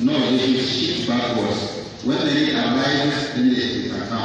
No, it is shift backwards. When they arrive, arises, then it is account.